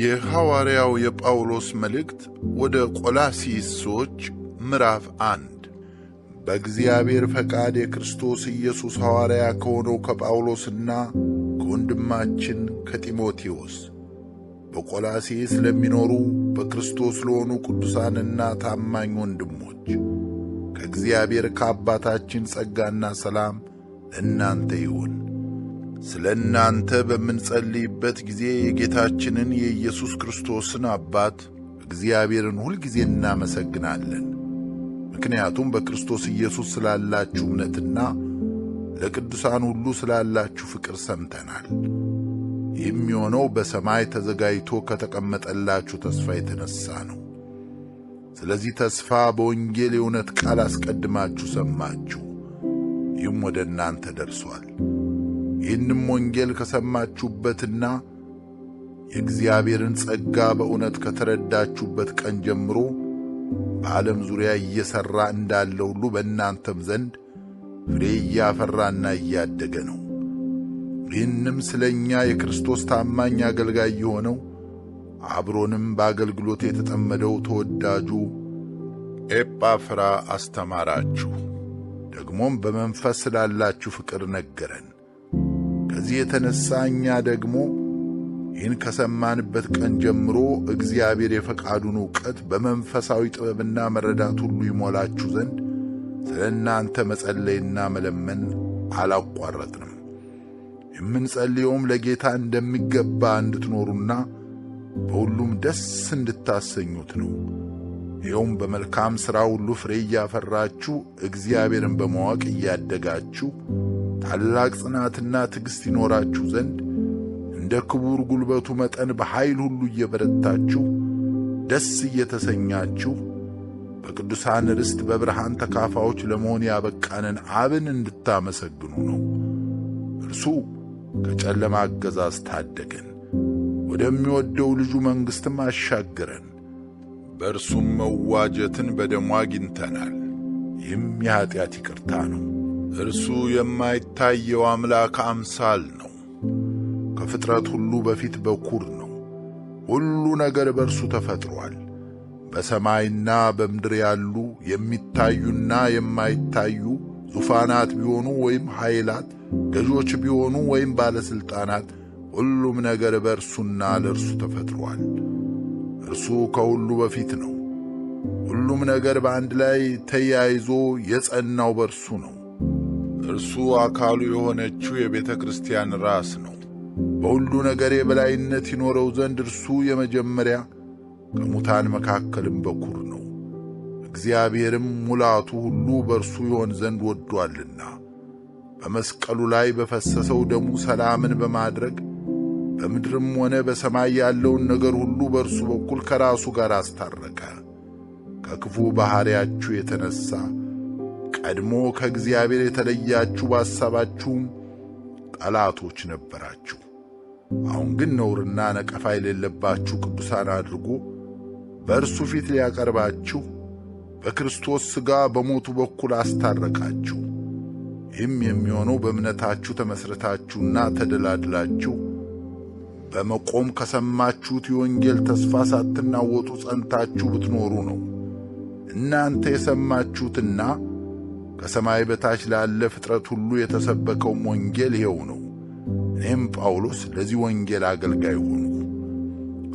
የሐዋርያው የጳውሎስ መልእክት ወደ ቆላሲስ ሰዎች ምዕራፍ አንድ በእግዚአብሔር ፈቃድ የክርስቶስ ኢየሱስ ሐዋርያ ከሆነው ከጳውሎስና ከወንድማችን ከጢሞቴዎስ በቆላሲስ ለሚኖሩ በክርስቶስ ለሆኑ ቅዱሳንና ታማኝ ወንድሞች ከእግዚአብሔር ከአባታችን ጸጋና ሰላም ለእናንተ ይሁን። ስለ እናንተ በምንጸልይበት ጊዜ የጌታችንን የኢየሱስ ክርስቶስን አባት እግዚአብሔርን ሁልጊዜ እናመሰግናለን። ምክንያቱም በክርስቶስ ኢየሱስ ስላላችሁ እምነትና ለቅዱሳን ሁሉ ስላላችሁ ፍቅር ሰምተናል። የሚሆነው በሰማይ ተዘጋጅቶ ከተቀመጠላችሁ ተስፋ የተነሳ ነው። ስለዚህ ተስፋ በወንጌል የእውነት ቃል አስቀድማችሁ ሰማችሁ፣ ይህም ወደ እናንተ ደርሷል። ይህንም ወንጌል ከሰማችሁበትና የእግዚአብሔርን ጸጋ በእውነት ከተረዳችሁበት ቀን ጀምሮ በዓለም ዙሪያ እየሠራ እንዳለ ሁሉ በእናንተም ዘንድ ፍሬ እያፈራና እያደገ ነው። ይህንም ስለ እኛ የክርስቶስ ታማኝ አገልጋይ የሆነው አብሮንም በአገልግሎት የተጠመደው ተወዳጁ ኤጳፍራ አስተማራችሁ። ደግሞም በመንፈስ ስላላችሁ ፍቅር ነገረን። ከዚህ የተነሳ እኛ ደግሞ ይህን ከሰማንበት ቀን ጀምሮ እግዚአብሔር የፈቃዱን እውቀት በመንፈሳዊ ጥበብና መረዳት ሁሉ ይሞላችሁ ዘንድ ስለ እናንተ መጸለይና መለመን አላቋረጥንም። የምንጸልየውም ለጌታ እንደሚገባ እንድትኖሩና በሁሉም ደስ እንድታሰኙት ነው። ይኸውም በመልካም ሥራ ሁሉ ፍሬ እያፈራችሁ እግዚአብሔርን በማወቅ እያደጋችሁ ታላቅ ጽናትና ትዕግሥት ይኖራችሁ ዘንድ እንደ ክቡር ጉልበቱ መጠን በኃይል ሁሉ እየበረታችሁ ደስ እየተሰኛችሁ በቅዱሳን ርስት በብርሃን ተካፋዎች ለመሆን ያበቃንን አብን እንድታመሰግኑ ነው። እርሱ ከጨለማ አገዛዝ ታደገን፣ ወደሚወደው ልጁ መንግሥትም አሻገረን። በእርሱም መዋጀትን በደሙ አግኝተናል። ይህም የኀጢአት ይቅርታ ነው። እርሱ የማይታየው አምላክ አምሳል ነው። ከፍጥረት ሁሉ በፊት በኩር ነው። ሁሉ ነገር በእርሱ ተፈጥሯል። በሰማይና በምድር ያሉ የሚታዩና የማይታዩ ዙፋናት ቢሆኑ ወይም ኃይላት፣ ገዦች ቢሆኑ ወይም ባለሥልጣናት፣ ሁሉም ነገር በእርሱና ለእርሱ ተፈጥሯል። እርሱ ከሁሉ በፊት ነው። ሁሉም ነገር በአንድ ላይ ተያይዞ የጸናው በእርሱ ነው። እርሱ አካሉ የሆነችው የቤተ ክርስቲያን ራስ ነው። በሁሉ ነገር የበላይነት ይኖረው ዘንድ እርሱ የመጀመሪያ ከሙታን መካከልም በኩር ነው። እግዚአብሔርም ሙላቱ ሁሉ በእርሱ ይሆን ዘንድ ወዷልና በመስቀሉ ላይ በፈሰሰው ደሙ ሰላምን በማድረግ በምድርም ሆነ በሰማይ ያለውን ነገር ሁሉ በእርሱ በኩል ከራሱ ጋር አስታረቀ። ከክፉ ባሕርያችሁ የተነሣ ቀድሞ ከእግዚአብሔር የተለያችሁ ባሳባችሁም ጠላቶች ነበራችሁ። አሁን ግን ነውርና ነቀፋ የሌለባችሁ ቅዱሳን አድርጎ በእርሱ ፊት ሊያቀርባችሁ በክርስቶስ ሥጋ በሞቱ በኩል አስታረቃችሁ። ይህም የሚሆነው በእምነታችሁ ተመሥረታችሁና ተደላድላችሁ በመቆም ከሰማችሁት የወንጌል ተስፋ ሳትናወጡ ጸንታችሁ ብትኖሩ ነው። እናንተ የሰማችሁትና ከሰማይ በታች ላለ ፍጥረት ሁሉ የተሰበከውም ወንጌል ይኸው ነው። እኔም ጳውሎስ ለዚህ ወንጌል አገልጋይ ሆንሁ።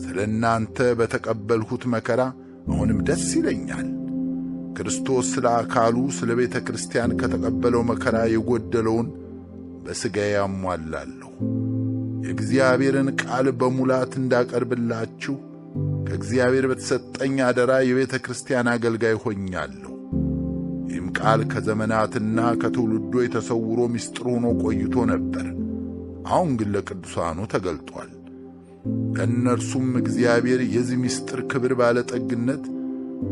ስለ እናንተ በተቀበልሁት መከራ አሁንም ደስ ይለኛል። ክርስቶስ ስለ አካሉ ስለ ቤተ ክርስቲያን ከተቀበለው መከራ የጎደለውን በሥጋዬ ያሟላለሁ። የእግዚአብሔርን ቃል በሙላት እንዳቀርብላችሁ ከእግዚአብሔር በተሰጠኝ አደራ የቤተ ክርስቲያን አገልጋይ ሆኛለሁ። ቃል ከዘመናትና ከትውልዶ የተሰውሮ ምስጢር ሆኖ ቆይቶ ነበር። አሁን ግን ለቅዱሳኑ ተገልጧል። ለእነርሱም እግዚአብሔር የዚህ ምስጢር ክብር ባለጠግነት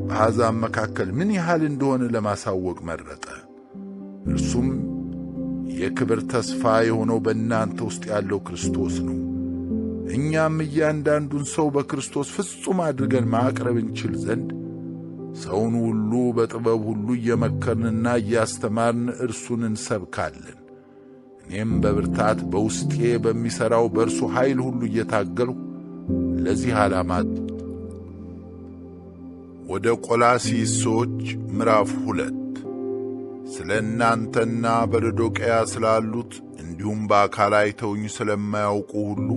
በአሕዛብ መካከል ምን ያህል እንደሆነ ለማሳወቅ መረጠ። እርሱም የክብር ተስፋ የሆነው በእናንተ ውስጥ ያለው ክርስቶስ ነው። እኛም እያንዳንዱን ሰው በክርስቶስ ፍጹም አድርገን ማቅረብ እንችል ዘንድ ሰውን ሁሉ በጥበብ ሁሉ እየመከርንና እያስተማርን እርሱን እንሰብካለን። እኔም በብርታት በውስጤ በሚሠራው በእርሱ ኃይል ሁሉ እየታገልሁ ለዚህ ዓላማ ወደ ቆላሲስ ሰዎች ምዕራፍ ሁለት ስለ እናንተና በሎዶቅያ ስላሉት እንዲሁም በአካል አይተውኝ ስለማያውቁ ሁሉ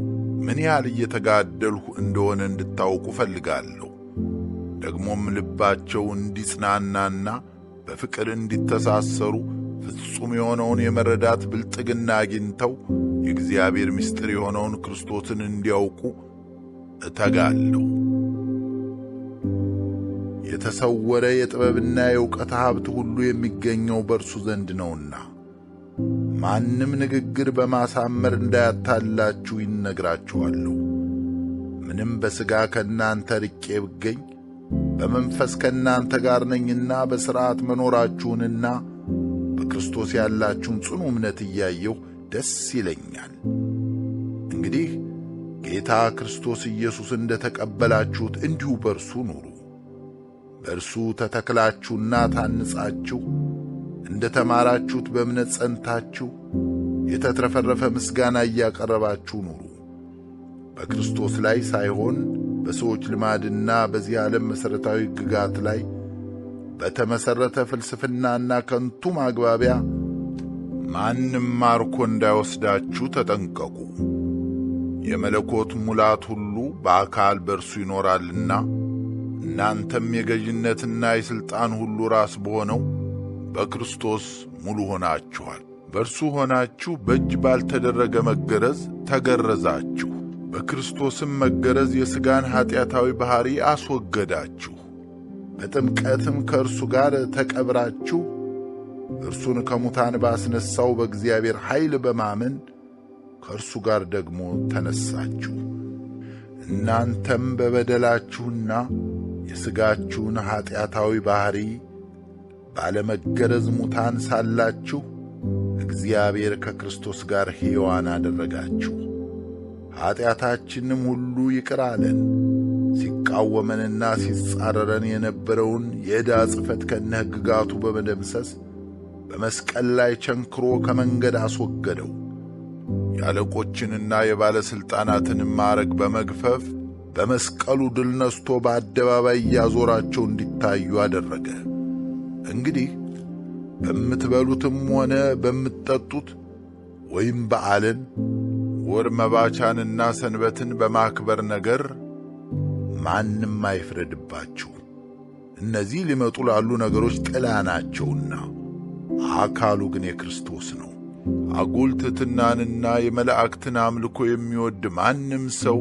ምን ያህል እየተጋደልሁ እንደሆነ እንድታውቁ እፈልጋለሁ። ደግሞም ልባቸው እንዲጽናናና በፍቅር እንዲተሳሰሩ ፍጹም የሆነውን የመረዳት ብልጥግና አግኝተው የእግዚአብሔር ምስጢር የሆነውን ክርስቶስን እንዲያውቁ እተጋለሁ። የተሰወረ የጥበብና የእውቀት ሀብት ሁሉ የሚገኘው በእርሱ ዘንድ ነውና ማንም ንግግር በማሳመር እንዳያታላችሁ ይነግራችኋለሁ። ምንም በሥጋ ከእናንተ ርቄ ብገኝ በመንፈስ ከእናንተ ጋር ነኝና በሥርዓት መኖራችሁንና በክርስቶስ ያላችሁን ጽኑ እምነት እያየሁ ደስ ይለኛል። እንግዲህ ጌታ ክርስቶስ ኢየሱስ እንደ ተቀበላችሁት እንዲሁ በእርሱ ኑሩ። በእርሱ ተተክላችሁና ታንጻችሁ እንደ ተማራችሁት በእምነት ጸንታችሁ የተትረፈረፈ ምስጋና እያቀረባችሁ ኑሩ። በክርስቶስ ላይ ሳይሆን በሰዎች ልማድና በዚህ ዓለም መሠረታዊ ግጋት ላይ በተመሠረተ ፍልስፍናና ከንቱ ማግባቢያ ማንም ማርኮ እንዳይወስዳችሁ ተጠንቀቁ። የመለኮት ሙላት ሁሉ በአካል በእርሱ ይኖራልና እናንተም የገዥነትና የሥልጣን ሁሉ ራስ በሆነው በክርስቶስ ሙሉ ሆናችኋል። በእርሱ ሆናችሁ በእጅ ባልተደረገ መገረዝ ተገረዛችሁ። በክርስቶስም መገረዝ የሥጋን ኀጢአታዊ ባሕሪ አስወገዳችሁ። በጥምቀትም ከእርሱ ጋር ተቀብራችሁ እርሱን ከሙታን ባስነሣው በእግዚአብሔር ኃይል በማመን ከእርሱ ጋር ደግሞ ተነሳችሁ። እናንተም በበደላችሁና የሥጋችሁን ኀጢአታዊ ባሕሪ ባለመገረዝ ሙታን ሳላችሁ እግዚአብሔር ከክርስቶስ ጋር ሕያዋን አደረጋችሁ። ኀጢአታችንም ሁሉ ይቅር አለን። ሲቃወመንና ሲጻረረን የነበረውን የዕዳ ጽሕፈት ከነ ሕግጋቱ በመደምሰስ በመስቀል ላይ ቸንክሮ ከመንገድ አስወገደው። የአለቆችንና የባለሥልጣናትን ማዕረግ በመግፈፍ በመስቀሉ ድል ነስቶ በአደባባይ እያዞራቸው እንዲታዩ አደረገ። እንግዲህ በምትበሉትም ሆነ በምትጠጡት ወይም በዓልን ወር መባቻንና ሰንበትን በማክበር ነገር ማንም አይፍረድባችሁ። እነዚህ ሊመጡ ላሉ ነገሮች ጥላ ናቸውና፣ አካሉ ግን የክርስቶስ ነው። አጉል ትሕትናንና የመላእክትን አምልኮ የሚወድ ማንም ሰው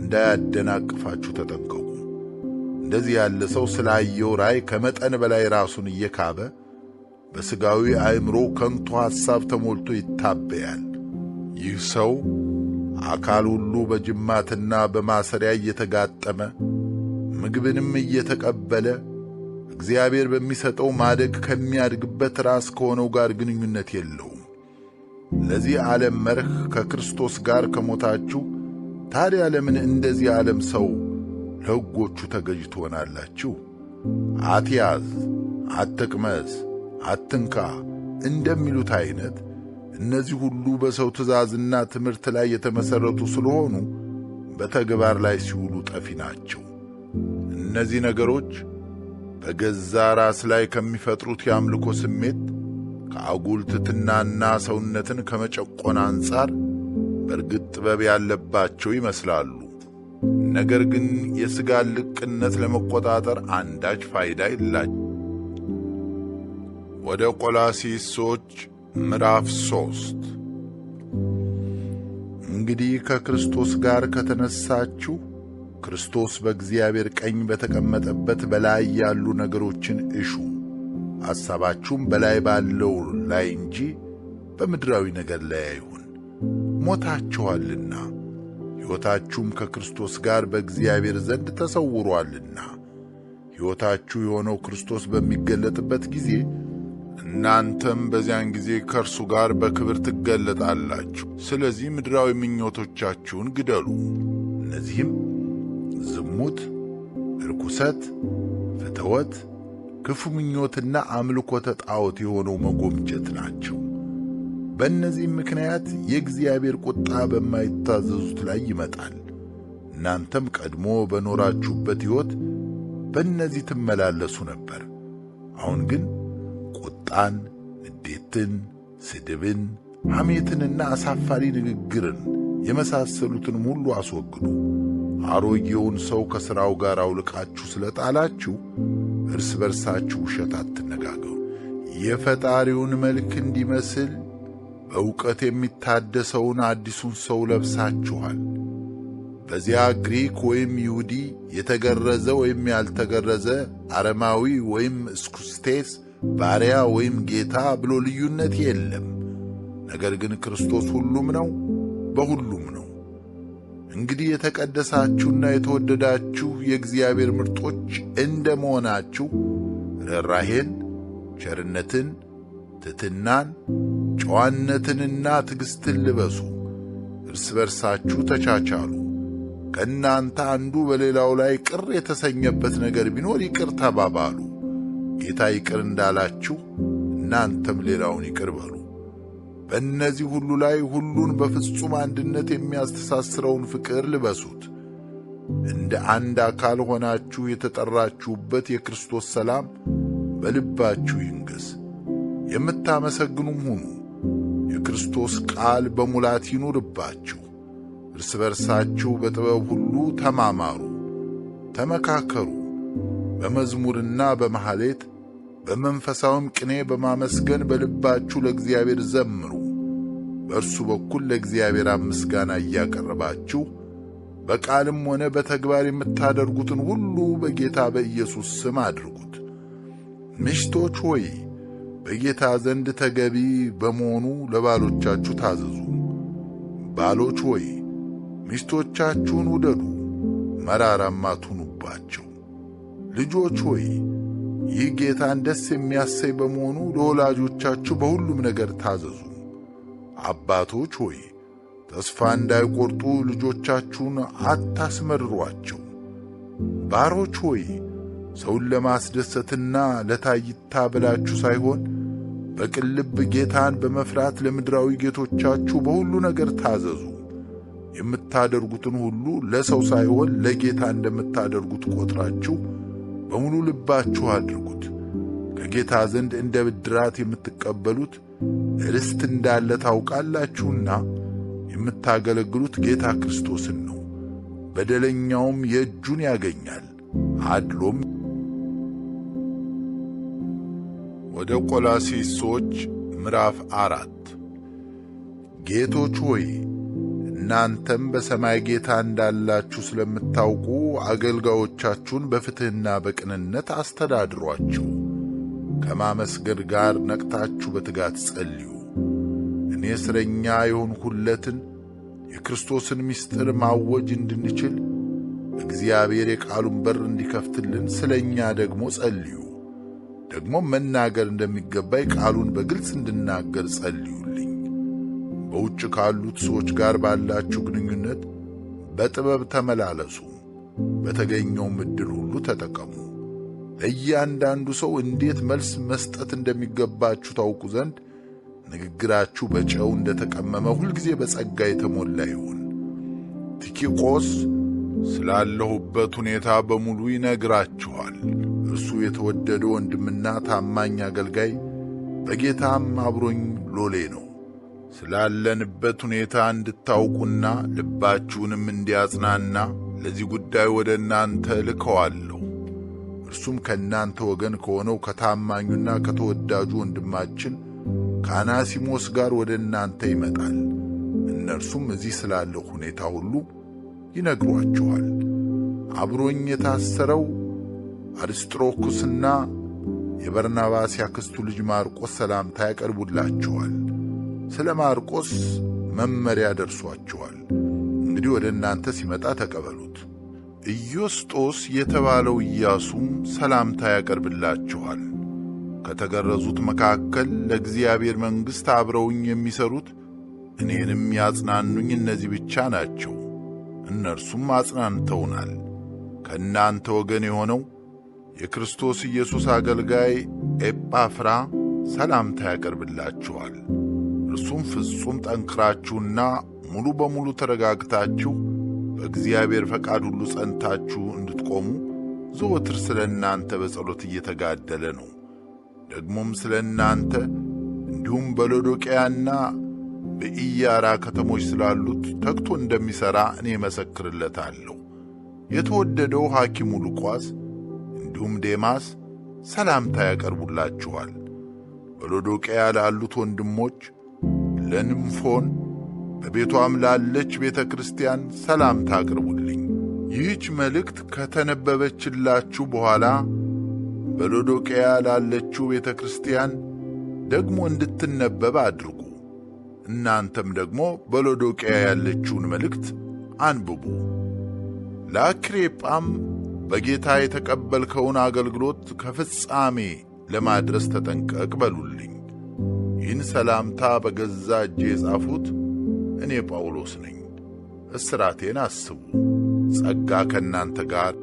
እንዳያደናቅፋችሁ ተጠንቀቁ። እንደዚህ ያለ ሰው ስላየው ራእይ ከመጠን በላይ ራሱን እየካበ በሥጋዊ አእምሮ ከንቱ ሐሳብ ተሞልቶ ይታበያል። ይህ ሰው አካል ሁሉ በጅማትና በማሰሪያ እየተጋጠመ ምግብንም እየተቀበለ እግዚአብሔር በሚሰጠው ማደግ ከሚያድግበት ራስ ከሆነው ጋር ግንኙነት የለውም። ለዚህ ዓለም መርህ ከክርስቶስ ጋር ከሞታችሁ ታዲያ ለምን እንደዚህ ዓለም ሰው ለሕጎቹ ተገዥ ትሆናላችሁ? አትያዝ፣ አትቅመስ፣ አትንካ እንደሚሉት አይነት እነዚህ ሁሉ በሰው ትእዛዝና ትምህርት ላይ የተመሠረቱ ስለሆኑ በተግባር ላይ ሲውሉ ጠፊ ናቸው። እነዚህ ነገሮች በገዛ ራስ ላይ ከሚፈጥሩት የአምልኮ ስሜት ከአጉል ሰውነትን ከመጨቆን አንጻር በርግጥ ጥበብ ያለባቸው ይመስላሉ። ነገር ግን የሥጋን ልቅነት ለመቆጣጠር አንዳች ፋይዳ የላቸው። ወደ ሰዎች ምዕራፍ 3 እንግዲህ ከክርስቶስ ጋር ከተነሳችሁ ክርስቶስ በእግዚአብሔር ቀኝ በተቀመጠበት በላይ ያሉ ነገሮችን እሹ፣ ሐሳባችሁም በላይ ባለው ላይ እንጂ በምድራዊ ነገር ላይ አይሁን። ሞታችኋልና ሕይወታችሁም ከክርስቶስ ጋር በእግዚአብሔር ዘንድ ተሰውሮአልና ሕይወታችሁ የሆነው ክርስቶስ በሚገለጥበት ጊዜ እናንተም በዚያን ጊዜ ከእርሱ ጋር በክብር ትገለጣላችሁ። ስለዚህ ምድራዊ ምኞቶቻችሁን ግደሉ። እነዚህም ዝሙት፣ ርኩሰት፣ ፍትወት፣ ክፉ ምኞትና አምልኮተ ጣዖት የሆነው መጎምጀት ናቸው። በእነዚህም ምክንያት የእግዚአብሔር ቁጣ በማይታዘዙት ላይ ይመጣል። እናንተም ቀድሞ በኖራችሁበት ሕይወት በእነዚህ ትመላለሱ ነበር። አሁን ግን ቁጣን፣ ንዴትን፣ ስድብን፣ ሐሜትንና አሳፋሪ ንግግርን የመሳሰሉትንም ሁሉ አስወግዱ። አሮጌውን ሰው ከሥራው ጋር አውልቃችሁ ስለ ጣላችሁ እርስ በርሳችሁ ውሸት አትነጋገሩ። የፈጣሪውን መልክ እንዲመስል በእውቀት የሚታደሰውን አዲሱን ሰው ለብሳችኋል። በዚያ ግሪክ ወይም ይሁዲ፣ የተገረዘ ወይም ያልተገረዘ፣ አረማዊ ወይም እስኩስቴስ ባሪያ ወይም ጌታ ብሎ ልዩነት የለም። ነገር ግን ክርስቶስ ሁሉም ነው፣ በሁሉም ነው። እንግዲህ የተቀደሳችሁና የተወደዳችሁ የእግዚአብሔር ምርጦች እንደ መሆናችሁ ርኅራኄን፣ ቸርነትን፣ ትትናን፣ ጨዋነትንና ትዕግሥትን ልበሱ። እርስ በርሳችሁ ተቻቻሉ። ከእናንተ አንዱ በሌላው ላይ ቅር የተሰኘበት ነገር ቢኖር ይቅር ተባባሉ ጌታ ይቅር እንዳላችሁ እናንተም ሌላውን ይቅር በሉ። በእነዚህ ሁሉ ላይ ሁሉን በፍጹም አንድነት የሚያስተሳስረውን ፍቅር ልበሱት። እንደ አንድ አካል ሆናችሁ የተጠራችሁበት የክርስቶስ ሰላም በልባችሁ ይንገስ። የምታመሰግኑም ሁኑ። የክርስቶስ ቃል በሙላት ይኑርባችሁ። እርስ በርሳችሁ በጥበብ ሁሉ ተማማሩ፣ ተመካከሩ፣ በመዝሙርና በመሐሌት በመንፈሳዊም ቅኔ በማመስገን በልባችሁ ለእግዚአብሔር ዘምሩ። በእርሱ በኩል ለእግዚአብሔር ምስጋና እያቀረባችሁ በቃልም ሆነ በተግባር የምታደርጉትን ሁሉ በጌታ በኢየሱስ ስም አድርጉት። ምሽቶች ሆይ በጌታ ዘንድ ተገቢ በመሆኑ ለባሎቻችሁ ታዘዙ። ባሎች ሆይ ሚስቶቻችሁን ውደዱ፣ መራራም አትሁኑባቸው። ልጆች ሆይ ይህ ጌታን ደስ የሚያሰኝ በመሆኑ ለወላጆቻችሁ በሁሉም ነገር ታዘዙ። አባቶች ሆይ ተስፋ እንዳይቆርጡ ልጆቻችሁን አታስመርሯቸው። ባሮች ሆይ ሰውን ለማስደሰትና ለታይታ ብላችሁ ሳይሆን በቅን ልብ ጌታን በመፍራት ለምድራዊ ጌቶቻችሁ በሁሉ ነገር ታዘዙ። የምታደርጉትን ሁሉ ለሰው ሳይሆን ለጌታ እንደምታደርጉት ቆጥራችሁ በሙሉ ልባችሁ አድርጉት። ከጌታ ዘንድ እንደ ብድራት የምትቀበሉት ርስት እንዳለ ታውቃላችሁና የምታገለግሉት ጌታ ክርስቶስን ነው። በደለኛውም የእጁን ያገኛል፣ አድሎም ወደ ቆላሴሶች ምዕራፍ አራት ጌቶች ሆይ እናንተም በሰማይ ጌታ እንዳላችሁ ስለምታውቁ አገልጋዮቻችሁን በፍትሕና በቅንነት አስተዳድሯቸው። ከማመስገድ ጋር ነቅታችሁ በትጋት ጸልዩ። እኔ እስረኛ የሆንሁለትን የክርስቶስን ምስጢር ማወጅ እንድንችል እግዚአብሔር የቃሉን በር እንዲከፍትልን ስለ እኛ ደግሞ ጸልዩ። ደግሞ መናገር እንደሚገባይ ቃሉን በግልጽ እንድናገር ጸልዩ። ውጭ ካሉት ሰዎች ጋር ባላችሁ ግንኙነት በጥበብ ተመላለሱ፣ በተገኘው ምድል ሁሉ ተጠቀሙ። ለእያንዳንዱ ሰው እንዴት መልስ መስጠት እንደሚገባችሁ ታውቁ ዘንድ ንግግራችሁ በጨው እንደተቀመመ ሁልጊዜ በጸጋ የተሞላ ይሁን። ቲኪቆስ ስላለሁበት ሁኔታ በሙሉ ይነግራችኋል። እርሱ የተወደደ ወንድምና ታማኝ አገልጋይ በጌታም አብሮኝ ሎሌ ነው። ስላለንበት ሁኔታ እንድታውቁና ልባችሁንም እንዲያጽናና ለዚህ ጉዳይ ወደ እናንተ ልከዋለሁ። እርሱም ከእናንተ ወገን ከሆነው ከታማኙና ከተወዳጁ ወንድማችን ከአናሲሞስ ጋር ወደ እናንተ ይመጣል። እነርሱም እዚህ ስላለው ሁኔታ ሁሉ ይነግሯችኋል። አብሮኝ የታሰረው አርስጥሮኩስና የበርናባስ ያክስቱ ልጅ ማርቆስ ሰላምታ ያቀርቡላችኋል። ስለ ማርቆስ መመሪያ ደርሷችኋል። እንግዲህ ወደ እናንተ ሲመጣ ተቀበሉት። ኢዮስጦስ የተባለው ኢያሱም ሰላምታ ያቀርብላችኋል። ከተገረዙት መካከል ለእግዚአብሔር መንግሥት አብረውኝ የሚሠሩት እኔንም ያጽናኑኝ እነዚህ ብቻ ናቸው። እነርሱም አጽናንተውናል። ከእናንተ ወገን የሆነው የክርስቶስ ኢየሱስ አገልጋይ ኤጳፍራ ሰላምታ ያቀርብላችኋል። እርሱም ፍጹም ጠንክራችሁና ሙሉ በሙሉ ተረጋግታችሁ በእግዚአብሔር ፈቃድ ሁሉ ጸንታችሁ እንድትቆሙ ዘወትር ስለ እናንተ በጸሎት እየተጋደለ ነው። ደግሞም ስለ እናንተ እንዲሁም በሎዶቅያና በኢያራ ከተሞች ስላሉት ተግቶ እንደሚሠራ እኔ መሰክርለታለሁ። የተወደደው ሐኪሙ ሉቃስ እንዲሁም ዴማስ ሰላምታ ያቀርቡላችኋል። በሎዶቅያ ላሉት ወንድሞች ለንምፎን በቤቷም ላለች ቤተ ክርስቲያን ሰላምታ አቅርቡልኝ። ይህች መልእክት ከተነበበችላችሁ በኋላ በሎዶቅያ ላለችው ቤተ ክርስቲያን ደግሞ እንድትነበብ አድርጉ። እናንተም ደግሞ በሎዶቅያ ያለችውን መልእክት አንብቡ። ለአክሬጳም በጌታ የተቀበልከውን አገልግሎት ከፍጻሜ ለማድረስ ተጠንቀቅ በሉልኝ። ይህን ሰላምታ በገዛ እጄ የጻፉት እኔ ጳውሎስ ነኝ። እስራቴን አስቡ። ጸጋ ከእናንተ ጋር